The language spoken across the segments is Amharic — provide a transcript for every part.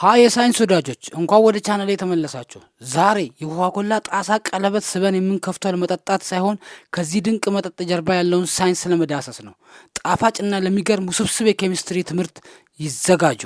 ሀ የሳይንስ ወዳጆች እንኳን ወደ ቻናል የተመለሳችሁ። ዛሬ የኮካኮላ ጣሳ ቀለበት ስበን የምንከፍተው ለመጠጣት ሳይሆን ከዚህ ድንቅ መጠጥ ጀርባ ያለውን ሳይንስ ለመዳሰስ ነው። ጣፋጭና ለሚገርም ውስብስብ የኬሚስትሪ ትምህርት ይዘጋጁ።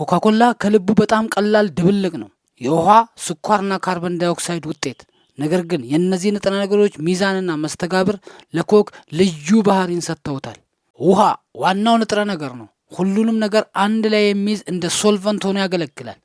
ኮካኮላ ከልቡ በጣም ቀላል ድብልቅ ነው። የውሃ ስኳርና ካርበን ዳይኦክሳይድ ውጤት ነገር ግን የእነዚህ ንጥረ ነገሮች ሚዛንና መስተጋብር ለኮክ ልዩ ባህሪን ሰጥተውታል። ውሃ ዋናው ንጥረ ነገር ነው። ሁሉንም ነገር አንድ ላይ የሚይዝ እንደ ሶልቨንት ሆኖ ያገለግላል።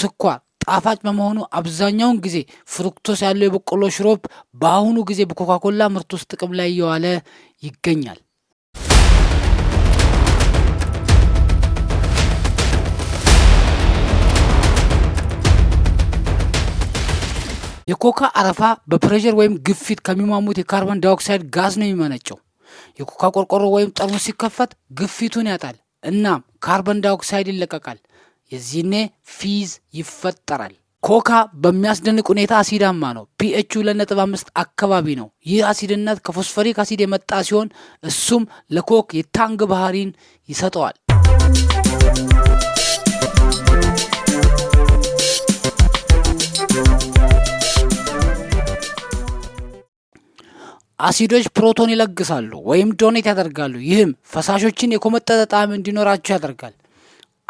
ስኳር ጣፋጭ በመሆኑ አብዛኛውን ጊዜ ፍሩክቶስ ያለው የበቆሎ ሽሮፕ በአሁኑ ጊዜ በኮካኮላ ምርት ውስጥ ጥቅም ላይ እየዋለ ይገኛል። የኮካ አረፋ በፕሬዠር ወይም ግፊት ከሚሟሙት የካርቦን ዳይኦክሳይድ ጋዝ ነው የሚመነጨው። የኮካ ቆርቆሮ ወይም ጠርሙስ ሲከፈት ግፊቱን ያጣል፣ እናም ካርቦን ዳይኦክሳይድ ይለቀቃል። የዚህኔ ፊዝ ይፈጠራል። ኮካ በሚያስደንቅ ሁኔታ አሲዳማ ነው። ፒኤቹ ሁለት ነጥብ አምስት አካባቢ ነው። ይህ አሲድነት ከፎስፈሪክ አሲድ የመጣ ሲሆን እሱም ለኮክ የታንግ ባህሪን ይሰጠዋል። አሲዶች ፕሮቶን ይለግሳሉ ወይም ዶኔት ያደርጋሉ። ይህም ፈሳሾችን የኮመጠጠ ጣዕም እንዲኖራቸው ያደርጋል።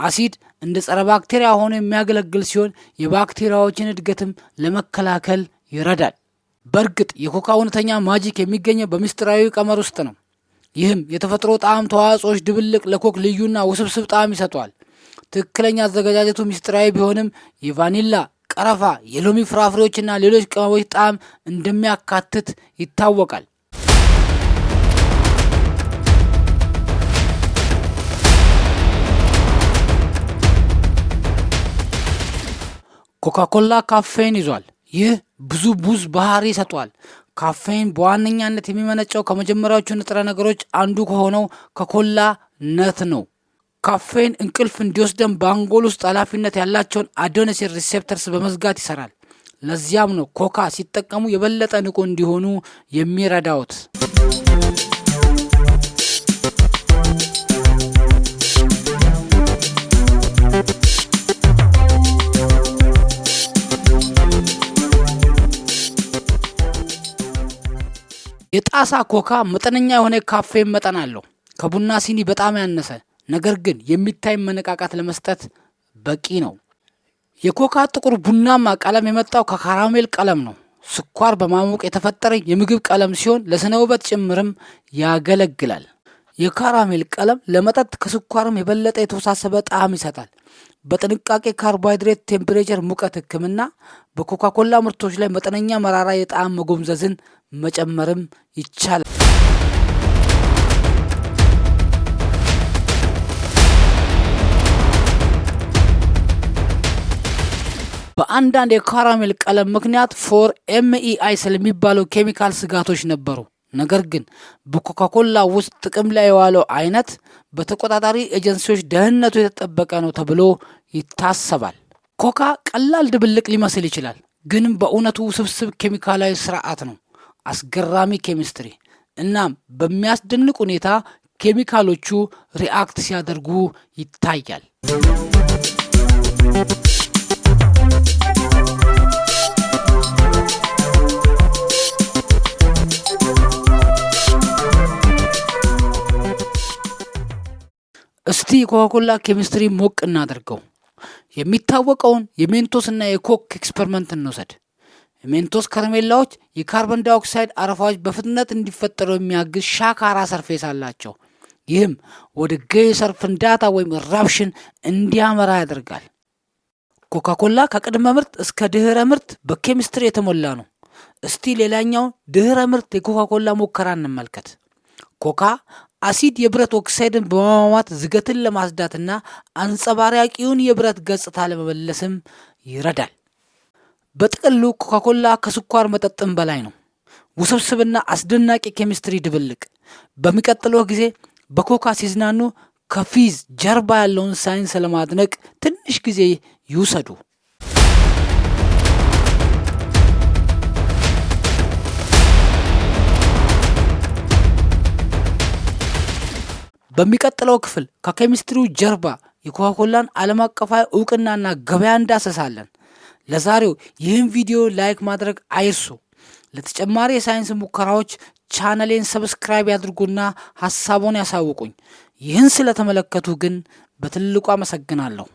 አሲድ እንደ ጸረ ባክቴሪያ ሆኖ የሚያገለግል ሲሆን የባክቴሪያዎችን እድገትም ለመከላከል ይረዳል። በእርግጥ የኮካ እውነተኛ ማጂክ የሚገኘው በምስጢራዊ ቀመር ውስጥ ነው። ይህም የተፈጥሮ ጣዕም ተዋጽኦች ድብልቅ ለኮክ ልዩና ውስብስብ ጣዕም ይሰጠዋል። ትክክለኛ አዘገጃጀቱ ምስጢራዊ ቢሆንም የቫኒላ ቀረፋ፣ የሎሚ ፍራፍሬዎችና ሌሎች ቅመሞች ጣዕም እንደሚያካትት ይታወቃል። ኮካኮላ ካፌን ይዟል። ይህ ብዙ ቡዝ ባህሪ ይሰጧል። ካፌን በዋነኛነት የሚመነጨው ከመጀመሪያዎቹ ንጥረ ነገሮች አንዱ ከሆነው ከኮላ ነት ነው። ካፌን እንቅልፍ እንዲወስደን በአንጎል ውስጥ ኃላፊነት ያላቸውን አዶነሲን ሪሴፕተርስ በመዝጋት ይሰራል። ለዚያም ነው ኮካ ሲጠቀሙ የበለጠ ንቁ እንዲሆኑ የሚረዳውት። የጣሳ ኮካ መጠነኛ የሆነ ካፌን መጠን አለው። ከቡና ሲኒ በጣም ያነሰ ነገር ግን የሚታይ መነቃቃት ለመስጠት በቂ ነው። የኮካ ጥቁር ቡናማ ቀለም የመጣው ከካራሜል ቀለም ነው። ስኳር በማሞቅ የተፈጠረ የምግብ ቀለም ሲሆን ለስነ ውበት ጭምርም ያገለግላል። የካራሜል ቀለም ለመጠጥ ከስኳርም የበለጠ የተወሳሰበ ጣዕም ይሰጣል። በጥንቃቄ ካርቦሃይድሬት፣ ቴምፕሬቸር፣ ሙቀት ሕክምና በኮካኮላ ምርቶች ላይ መጠነኛ መራራ የጣዕም መጎምዘዝን መጨመርም ይቻላል። በአንዳንድ የካራሜል ቀለም ምክንያት ፎር ኤምኢአይ ስለሚባለው ኬሚካል ስጋቶች ነበሩ። ነገር ግን በኮካኮላ ውስጥ ጥቅም ላይ የዋለው አይነት በተቆጣጣሪ ኤጀንሲዎች ደህንነቱ የተጠበቀ ነው ተብሎ ይታሰባል። ኮካ ቀላል ድብልቅ ሊመስል ይችላል፣ ግን በእውነቱ ውስብስብ ኬሚካላዊ ስርዓት ነው። አስገራሚ ኬሚስትሪ። እናም በሚያስደንቅ ሁኔታ ኬሚካሎቹ ሪአክት ሲያደርጉ ይታያል። የኮካኮላ ኬሚስትሪ ሞቅ እናደርገው። የሚታወቀውን የሜንቶስና የኮክ ኤክስፐሪመንት እንውሰድ። የሜንቶስ ከረሜላዎች የካርበን ዳይኦክሳይድ አረፋዎች በፍጥነት እንዲፈጠሩ የሚያግዝ ሻካራ ሰርፌስ አላቸው። ይህም ወደ ገይሰር ፍንዳታ ወይም ራፕሽን እንዲያመራ ያደርጋል። ኮካኮላ ከቅድመ ምርት እስከ ድህረ ምርት በኬሚስትሪ የተሞላ ነው። እስቲ ሌላኛውን ድህረ ምርት የኮካኮላ ሙከራ እንመልከት። ኮካ አሲድ የብረት ኦክሳይድን በማሟሟት ዝገትን ለማስዳትና አንጸባራቂውን የብረት ገጽታ ለመመለስም ይረዳል። በጥቅሉ ኮካኮላ ከስኳር መጠጥም በላይ ነው። ውስብስብና አስደናቂ ኬሚስትሪ ድብልቅ። በሚቀጥለው ጊዜ በኮካ ሲዝናኑ ከፊዝ ጀርባ ያለውን ሳይንስ ለማድነቅ ትንሽ ጊዜ ይውሰዱ። በሚቀጥለው ክፍል ከኬሚስትሪው ጀርባ የኮካኮላን ዓለም አቀፋዊ እውቅናና ገበያ እንዳሰሳለን። ለዛሬው ይህን ቪዲዮ ላይክ ማድረግ አይርሱ። ለተጨማሪ የሳይንስ ሙከራዎች ቻነሌን ሰብስክራይብ ያድርጉና ሐሳቦን ያሳውቁኝ። ይህን ስለተመለከቱ ግን በትልቁ አመሰግናለሁ።